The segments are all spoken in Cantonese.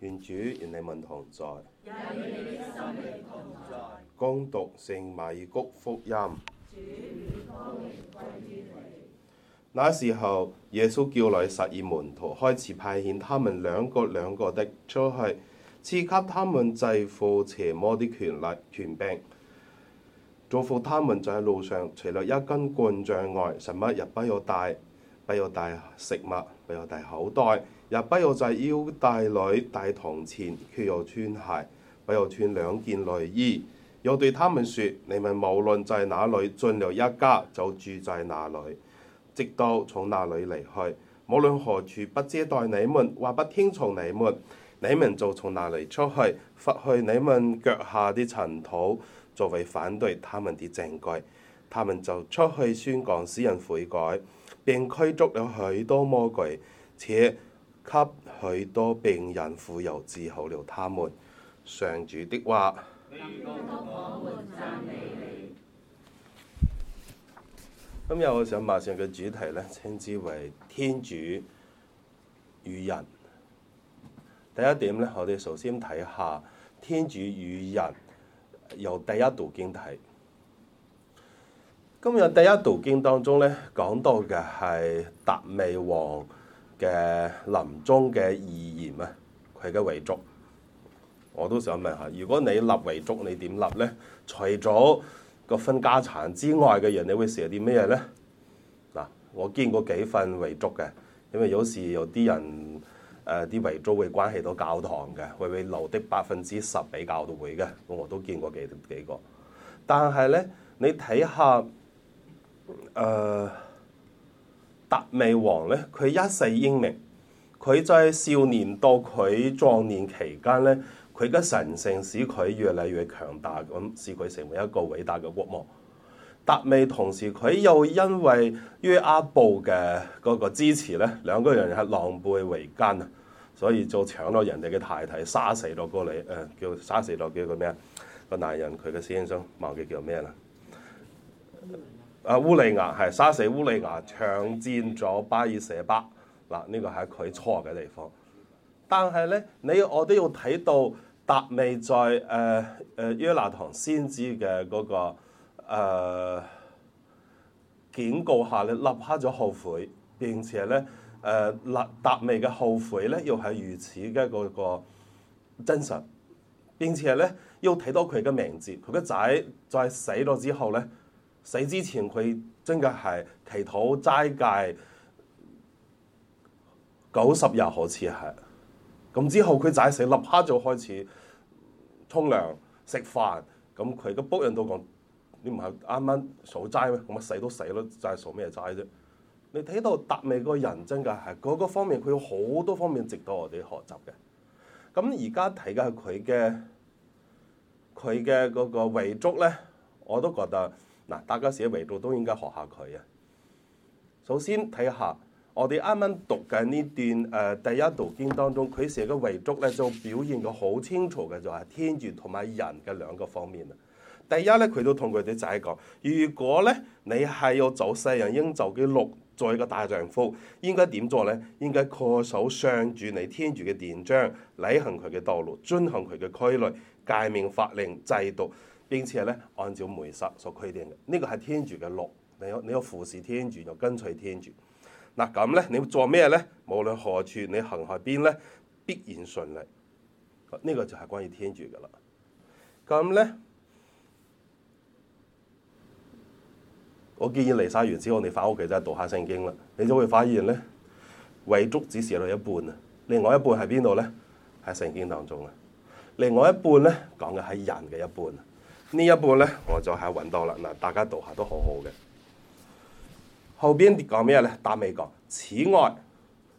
願主與你同在，恭讀聖米谷福音。歸歸那時候，耶穌叫來十二門徒，開始派遣他們兩個兩個的出去，賜給他們制服邪魔的權力、權柄，祝福他們。在路上，除了一根棍杖外，什麼也不要帶，不要帶食物，不要帶口袋。也不要在腰帶裏帶銅錢，卻要穿鞋，不要穿兩件內衣。又對他們說：你們無論在哪裏，進了一家就住在哪裏，直到從哪裏離開。無論何處不接待你們或不聽從你們，你們就從哪裏出去，拂去你們腳下的塵土，作為反對他們的證據。他們就出去宣講，使人悔改，並驅逐了許多魔鬼，且。給許多病人傅油治好了他們。上主的話，咁有我想，馬上嘅主題咧，稱之為天主與人。第一點咧，我哋首先睇下天主與人，由第一讀經睇。今日第一讀經當中咧，講到嘅係達味王，嘅臨終嘅遺言啊，佢嘅遺囑，我都想問下，如果你立遺囑，你點立咧？除咗個分家產之外嘅人，你會寫啲咩嘢咧？嗱，我見過幾份遺囑嘅，因為有時有啲人誒啲、呃、遺囑會關係到教堂嘅，會會留啲百分之十俾教會嘅，我我都見過幾幾個。但係咧，你睇下誒。呃達味王咧，佢一世英明，佢在少年到佢壯年期間咧，佢嘅神性使佢越嚟越強大，咁使佢成為一個偉大嘅國王。達味同時，佢又因為約阿布嘅嗰個支持咧，兩個人係狼狽為奸啊，所以就搶咗人哋嘅太太，殺死咗個女，誒、呃、叫殺死咗、呃、叫死個咩啊個男人，佢嘅先生忘記叫咩啦。啊烏利牙係殺死烏利牙，搶佔咗巴爾舍巴嗱，呢、這個係佢錯嘅地方。但係咧，你我都要睇到達味在誒誒、呃呃、約拿堂先知嘅嗰、那個、呃、警告下咧，立刻咗後悔。並且咧誒，立、呃、達味嘅後悔咧，又係如此嘅一個真實。並且咧，要睇到佢嘅名字，佢嘅仔在死咗之後咧。死之前佢真嘅係祈禱齋戒九十日好似係，咁之後佢仔死，立刻就開始沖涼食飯。咁佢個僕人都講：你唔係啱啱數齋咩？咁咪死都死咯，就係數咩齋啫？你睇到達味個人真嘅係嗰個方面，佢有好多方面值得我哋學習嘅。咁而家睇嘅係佢嘅佢嘅嗰個遺囑咧，我都覺得。嗱，大家寫遺囑都應該學下佢啊！首先睇下我哋啱啱讀嘅呢段誒、呃、第一讀經當中，佢寫嘅遺囑咧，就表現得好清楚嘅就係、是、天主同埋人嘅兩個方面啦。第一咧，佢都同佢啲仔講：如果咧你係要走世人應走嘅路，做一個大丈夫應該點做咧？應該恪守上主你天主嘅殿章，履行佢嘅道路，遵行佢嘅規律、誡命、法令、制度。並且咧，按照梅瑟所規定嘅，呢、這個係天主嘅路，你要你要服侍天主就跟隨天主。嗱咁咧，你要做咩咧？無論何處，你行去邊咧，必然順利。呢、這個就係關於天主嘅啦。咁咧，我建議彌撒完之後，你翻屋企真係讀下聖經啦。你就會發現咧，遺囑只寫到一半啊。另外一半喺邊度咧？喺聖經當中啊。另外一半咧，講嘅係人嘅一半啊。一呢一步咧，我就係揾到啦。嗱，大家讀下都好好嘅。後邊講咩咧？達味國。此外，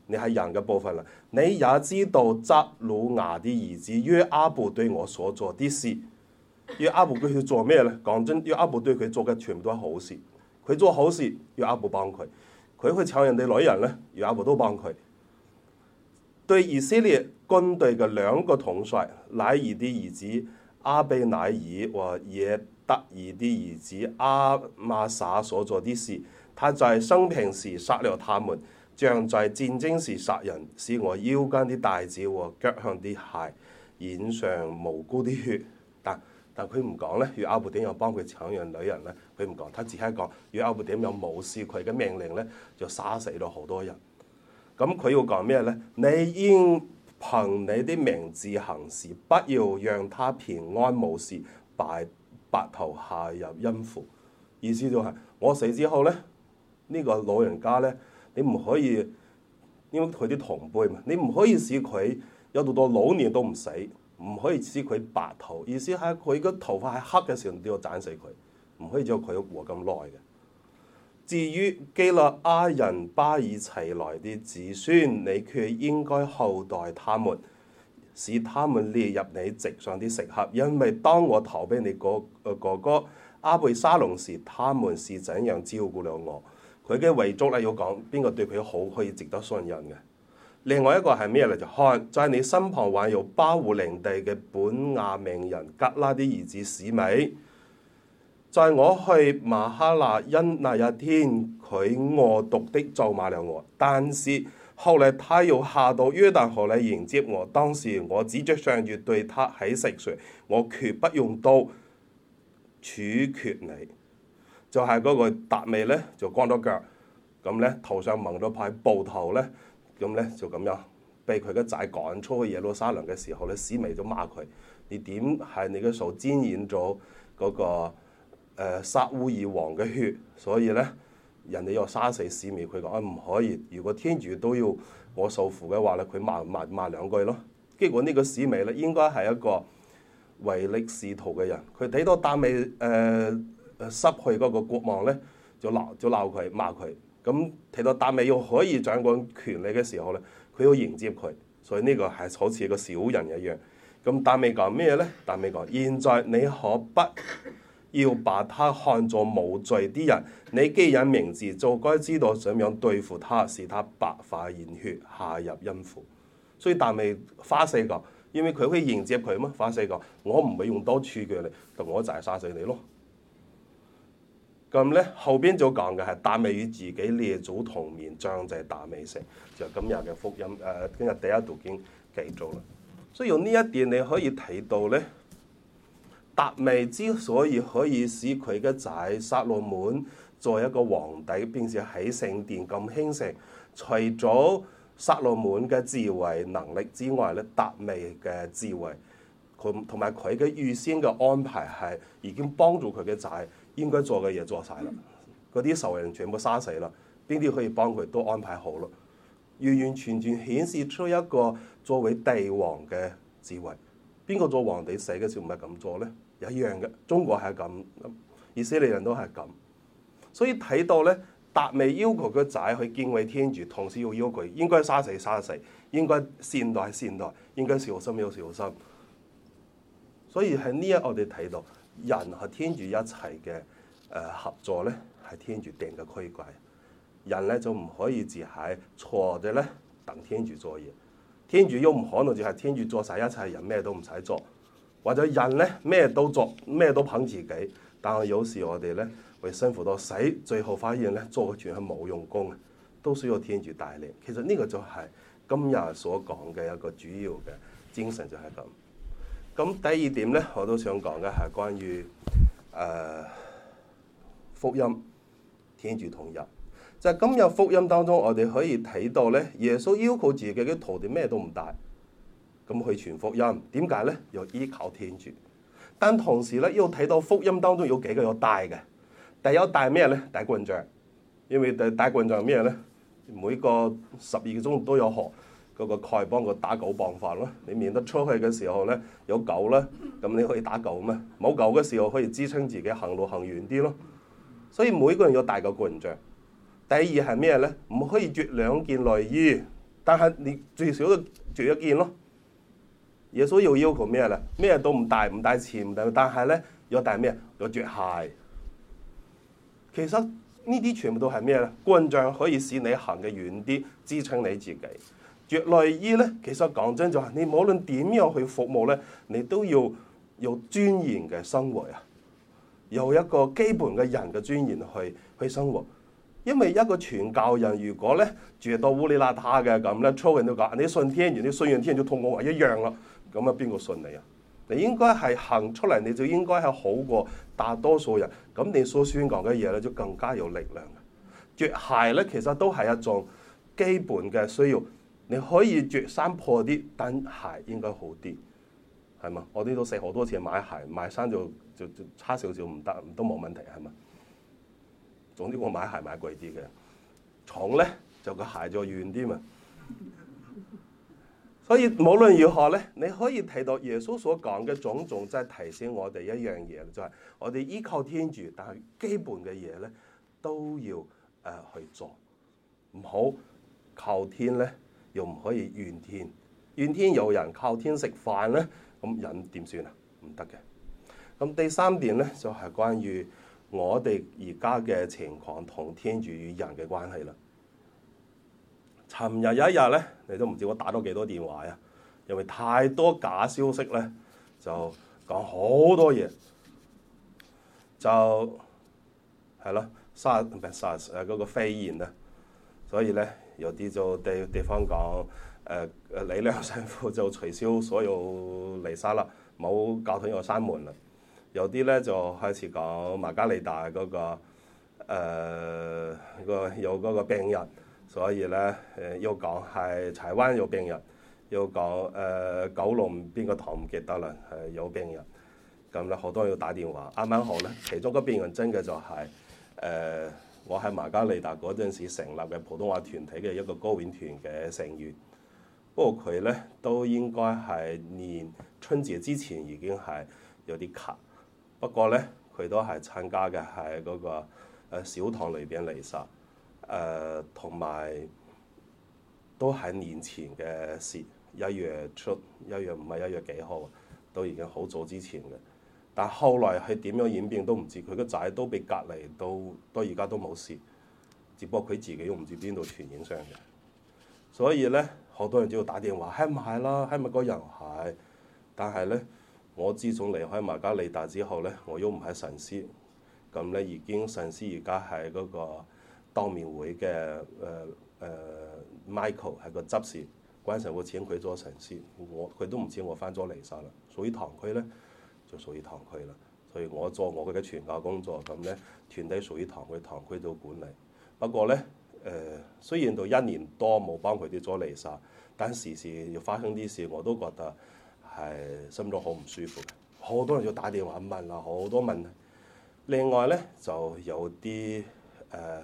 你係人嘅部分啦。你也知道扎魯牙，則魯雅啲兒子約阿布對我所做啲事，約阿布佢去做咩咧？講真，約阿布對佢做嘅全部都係好事。佢做好事，約阿布幫佢。佢去搶人哋女人咧，約阿布都幫佢。對以色列軍隊嘅兩個統帥，乃爾啲兒子。阿比乃爾和耶德爾啲兒子阿馬撒所做啲事，他在生平時殺了他們，像在戰爭時殺人，使我腰間啲帶子和腳向啲鞋染上無辜啲血。但但佢唔講呢，若阿布丁又幫佢搶人女人呢，佢唔講，他只係講若阿布丁又無視佢嘅命令呢，就殺死咗好多人。咁佢要講咩呢？你應憑你的名字行事，不要讓他平安無事，白白頭下入陰府。意思就係、是、我死之後咧，呢、這個老人家咧，你唔可以因為佢啲同輩嘛，你唔可以使佢有到到老年都唔死，唔可以使佢白頭。意思係佢個頭髮係黑嘅時候，你都要斬死佢，唔可以只有佢活咁耐嘅。至於基勒阿人巴爾齊來的子孫，你卻應該厚待他們，使他們列入你席上的食客，因為當我投俾你哥哥哥阿貝沙龍時，他們是怎樣照顧了我。佢嘅遺囑咧，要講邊個對佢好，可以值得信任嘅。另外一個係咩咧？就是、看在你身旁還有巴胡陵地嘅本亞明人格拉的兒子史美。帶我去馬哈納因那一天，佢惡毒的咒罵了我。但是後嚟他要下到約旦河嚟迎接我，當時我指着上主對他喺食説，我決不用刀處決你。就係、是、嗰個達味咧，就光咗腳，咁咧頭上蒙咗塊布頭咧，咁咧就咁樣，被佢個仔趕出去耶路撒冷嘅時候咧，史味就罵佢：你點係你嘅手沾染咗嗰、那個？誒、呃、撒烏耳王嘅血，所以咧，人哋又殺死史密，佢講啊唔可以。如果天主都要我受苦嘅話咧，佢罵罵罵，罵兩句咯。結果個呢個史密咧，應該係一個唯利是圖嘅人。佢睇到達味誒誒、呃、失去嗰個國望咧，就鬧就鬧佢，罵佢。咁睇到達味又可以掌管權力嘅時候咧，佢要迎接佢，所以呢個係好似一個小人一樣。咁達味講咩咧？達味講：現在你可不，要把他看做無罪啲人，你既然明智就該知道點樣對付他，使他白髮染血，下入陰府。所以達味花四個，因為佢可以迎接佢嘛，花四個，我唔會用多處嘅你就我就殺死你咯。咁咧後邊就講嘅係達味與自己列祖同眠，將就達味城。就今日嘅福音，誒、呃、今日第一讀經記咗啦。所以用呢一點你可以睇到咧。達味之所以可以使佢嘅仔撒羅滿作為一個皇帝，變成喺聖殿咁興盛，除咗撒羅滿嘅智慧能力之外咧，達味嘅智慧同同埋佢嘅預先嘅安排係已經幫助佢嘅仔應該做嘅嘢做晒啦，嗰啲仇人全部殺死啦，邊啲可以幫佢都安排好啦，完完全全顯示出一個作為帝王嘅智慧。邊個做皇帝死嘅時候唔係咁做咧？一樣嘅，中國係咁，以色列人都係咁，所以睇到咧，達味要求個仔去敬畏天主，同時要要求應該殺死殺死，應該善待善待，應該小心要小心。所以喺呢一我哋睇到人係天主一齊嘅誒合作咧，係天主定嘅規矩，人咧就唔可以只喺坐嘅咧等天主做嘢。天主又唔可能就係天主做晒一切，人咩都唔使做，或者人咧咩都做咩都捧自己，但係有時我哋咧會辛苦到死，最後發現咧做嘅全部係冇用功嘅，都需要天主帶嚟。其實呢個就係今日所講嘅一個主要嘅精神就係咁。咁第二點咧，我都想講嘅係關於誒、呃、福音天主同人。就係今日福音當中，我哋可以睇到咧，耶穌要求自己嘅徒弟咩都唔帶，咁去傳福音。點解咧？要依靠天主。但同時咧，要睇到福音當中有幾個要帶有帶嘅。第一帶咩咧？帶棍杖。因為帶帶棍杖係咩咧？每個十二個鐘都有學嗰個概幫丐幫個打狗棒法咯。你免得出去嘅時候咧，有狗啦，咁你可以打狗嘛。冇狗嘅時候可以支撐自己行路行遠啲咯。所以每個人有帶個棍杖。第二係咩咧？唔可以着兩件內衣，但係你最少都着一件咯。耶穌要要求咩咧？咩都唔帶，唔帶錢，唔帶，但係咧要帶咩？要着鞋。其實呢啲全部都係咩咧？棍杖可以使你行得遠啲，支撐你自己。着內衣咧，其實講真就係、是、你無論點樣去服務咧，你都要有尊嚴嘅生活啊！有一個基本嘅人嘅尊嚴去去生活。因為一個傳教人如果咧住到烏裡邋遢嘅咁咧，粗人都講：你信天員，你信完天員就同我話一樣咯。咁啊，邊個信你啊？你應該係行出嚟，你就應該係好過大多數人。咁你所宣講嘅嘢咧，就更加有力量。着鞋咧，其實都係一種基本嘅需要。你可以着衫破啲，但鞋應該好啲，係嘛？我啲都使好多錢買鞋，買衫就就就差少少唔得，都冇問題，係嘛？總之我買鞋買貴啲嘅，重咧就個鞋就軟啲嘛。所以無論如何咧，你可以睇到耶穌所講嘅種種，即係提醒我哋一樣嘢，就係我哋依靠天主，但係基本嘅嘢咧都要誒、呃、去做。唔好靠天咧，又唔可以怨天，怨天尤人，靠天食飯咧，咁人點算啊？唔得嘅。咁第三點咧，就係、是、關於。我哋而家嘅情況同天主與人嘅關係啦。尋日有一日咧，你都唔知我打咗幾多電話啊，因為太多假消息咧，就講好多嘢，就係咯，沙唔係沙誒嗰、啊嗰個肺炎啊。所以咧，有啲就地地方講誒誒，李良神父就取消所有彌撒啦，冇教堂又關門啦。有啲咧就開始講馬加利達嗰個誒、呃、有嗰個病人，所以咧誒、呃、要講係柴灣有病人，要講誒、呃、九龍邊個堂唔記得啦，係有病人。咁咧好多人要打電話。啱啱好咧，其中嗰病人真嘅就係、是、誒、呃、我喺馬加利達嗰陣時成立嘅普通話團體嘅一個歌詠團嘅成員。不過佢咧都應該係年春節之前已經係有啲咳。不過咧，佢都係參加嘅係嗰個小堂裏邊嚟殺誒，同埋、呃、都係年前嘅事，一月出一月唔係一月幾號，都已經好早之前嘅。但後來佢點樣演變都唔知，佢個仔都被隔離到，到而家都冇事，只不過佢自己都唔知邊度傳染上嘅。所以咧，好多人只要打電話，係咪啦？係咪嗰人係？但係咧。我自從離開馬加利大之後咧，我又唔係神師，咁咧已經神師而家係嗰個當面會嘅誒誒 Michael 係個執事，關神父請佢做神師，我佢都唔請我翻咗離曬啦，所以堂區咧就屬於堂區啦，所以我做我嘅傳教工作，咁咧團體屬於堂區，堂區做管理。不過咧誒、呃，雖然到一年多冇幫佢哋做離曬，但時時要發生啲事，我都覺得。係心中好唔舒服嘅。好多人要打電話問啊，好多問。另外咧就有啲誒、呃、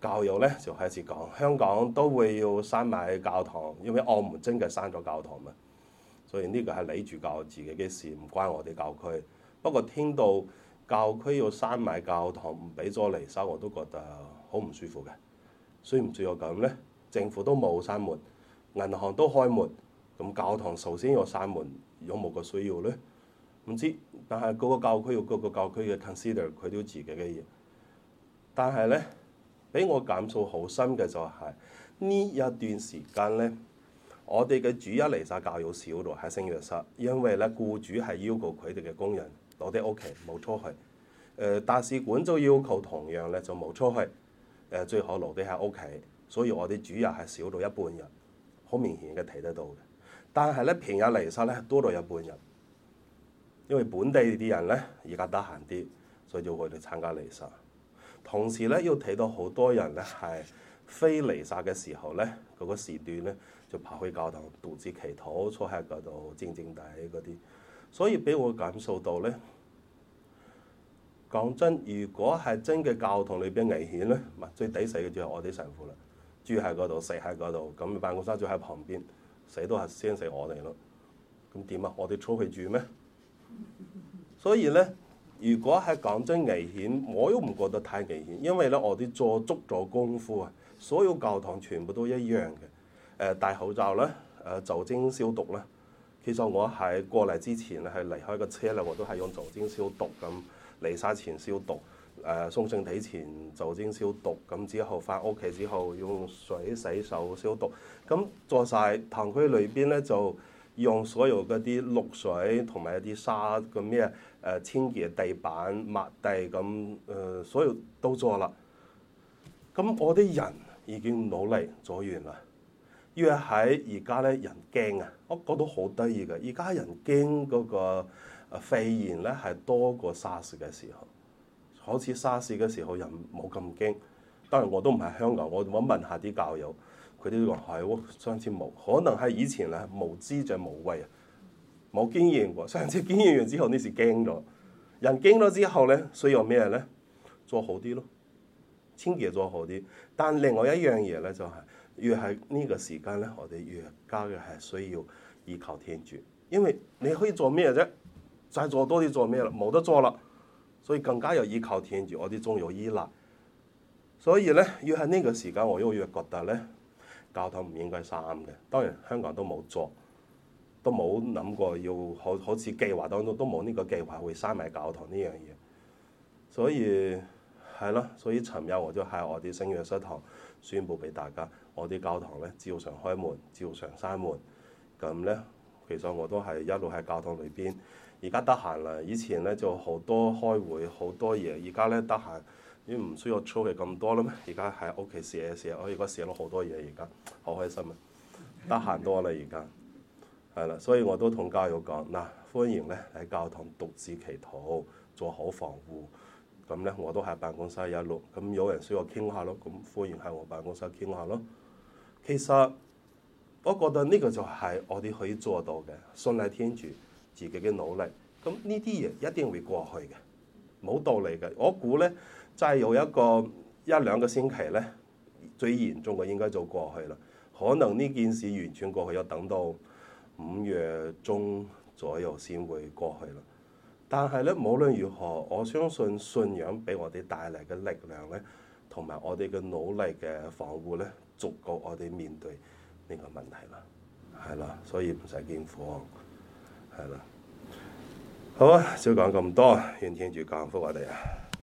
教友咧就開始講，香港都會要閂埋教堂，因為澳門真係閂咗教堂啊。所以呢個係你住教自己嘅事，唔關我哋教區。不過聽到教區要閂埋教堂，唔俾咗嚟收，我都覺得好唔舒服嘅。所以唔需要咁咧，政府都冇閂門，銀行都開門。咁教堂首先有閂門，有冇個需要咧？唔知，但係個個教區有個個教區嘅 consider，佢都自己嘅嘢。但係咧，俾我感受好深嘅就係、是、呢一段時間咧，我哋嘅主日嚟晒教友少咗，喺聖若瑟，因為咧僱主係要求佢哋嘅工人攞啲屋企冇出去。誒大使館就要求同樣咧就冇出去。誒、呃、最好留啲喺屋企，所以我哋主日係少到一半人，好明顯嘅睇得到。但係咧，平日彌撒咧多咗一半人，因為本地啲人咧而家得閒啲，所以就會嚟參加彌撒。同時咧，要睇到好多人咧係非彌撒嘅時候咧，嗰個時段咧就跑去教堂獨自祈禱，坐喺嗰度靜靜地嗰啲。所以俾我感受到咧，講真，如果係真嘅教堂裏邊危險咧，唔係最抵死嘅就係我啲神父啦，住喺嗰度，死喺嗰度，咁辦公室就喺旁邊。死都係先死我哋咯，咁點啊？我哋出去住咩？所以咧，如果係講真危險，我都唔覺得太危險，因為咧我哋做足咗功夫啊！所有教堂全部都一樣嘅，誒、呃、戴口罩啦，誒、呃、酒精消毒啦。其實我喺過嚟之前咧，係離開個車咧，我都係用酒精消毒咁離晒前消毒。誒、呃、送聖體前酒精消毒，咁之後翻屋企之後用水洗手消毒，咁做晒，堂區裏邊咧就用所有嗰啲氯水同埋一啲沙嘅咩誒，清潔地板、抹地咁誒，所有都做啦。咁我啲人已經努力咗完啦。因為喺而家咧人驚啊，我覺得好得意嘅，而家人驚嗰個肺炎咧係多過沙士嘅時候。好似沙士嘅時候又冇咁驚，當然我都唔係香港，我揾問下啲教友，佢哋都話係喎，上次冇，可能係以前係無知就無畏啊，冇經驗喎，上次經驗完之後呢時驚咗，人驚咗之後咧，需要咩咧？做好啲咯，清潔做好啲，但另外一樣嘢咧就係、是，越係呢個時間咧，我哋越加嘅係需要依靠天主，因為你可以做咩啫？再做多啲做咩啦？冇得做了。所以更加要依靠天主，我啲中有依賴。所以咧，要喺呢個時間，我越嚟越覺得咧，教堂唔應該閂嘅。當然，香港都冇做，都冇諗過要好好似計劃當中，都冇呢個計劃會閂埋教堂呢樣嘢。所以係咯，所以尋日我都喺我啲聖約瑟堂宣佈俾大家，我啲教堂咧照常開門，照常閂門。咁咧，其實我都係一路喺教堂裏邊。而家得閒啦，以前咧就好多開會，好多嘢。而家咧得閒，啲唔需要出去咁多啦咩？而家喺屋企寫寫，我而家寫咗好多嘢，而家好開心啊！得閒多啦，而家係啦，所以我都同教友講嗱，歡迎咧喺教堂獨自祈禱，做好防護。咁咧，我都喺辦公室一路。咁有人需要傾下咯，咁歡迎喺我辦公室傾下咯。其實我覺得呢個就係我哋可以做到嘅，信賴天主。自己嘅努力，咁呢啲嘢一定會過去嘅，冇道理嘅。我估呢，就係有一個一兩個星期呢，最嚴重嘅應該就過去啦。可能呢件事完全過去，要等到五月中左右先會過去啦。但係呢，無論如何，我相信信仰俾我哋帶嚟嘅力量呢，同埋我哋嘅努力嘅防護呢，足夠我哋面對呢個問題啦。係啦，所以唔使驚慌。係啦，好啊，就講咁多，願天主降福我哋啊！